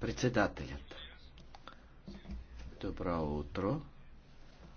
Председателят. Добро утро.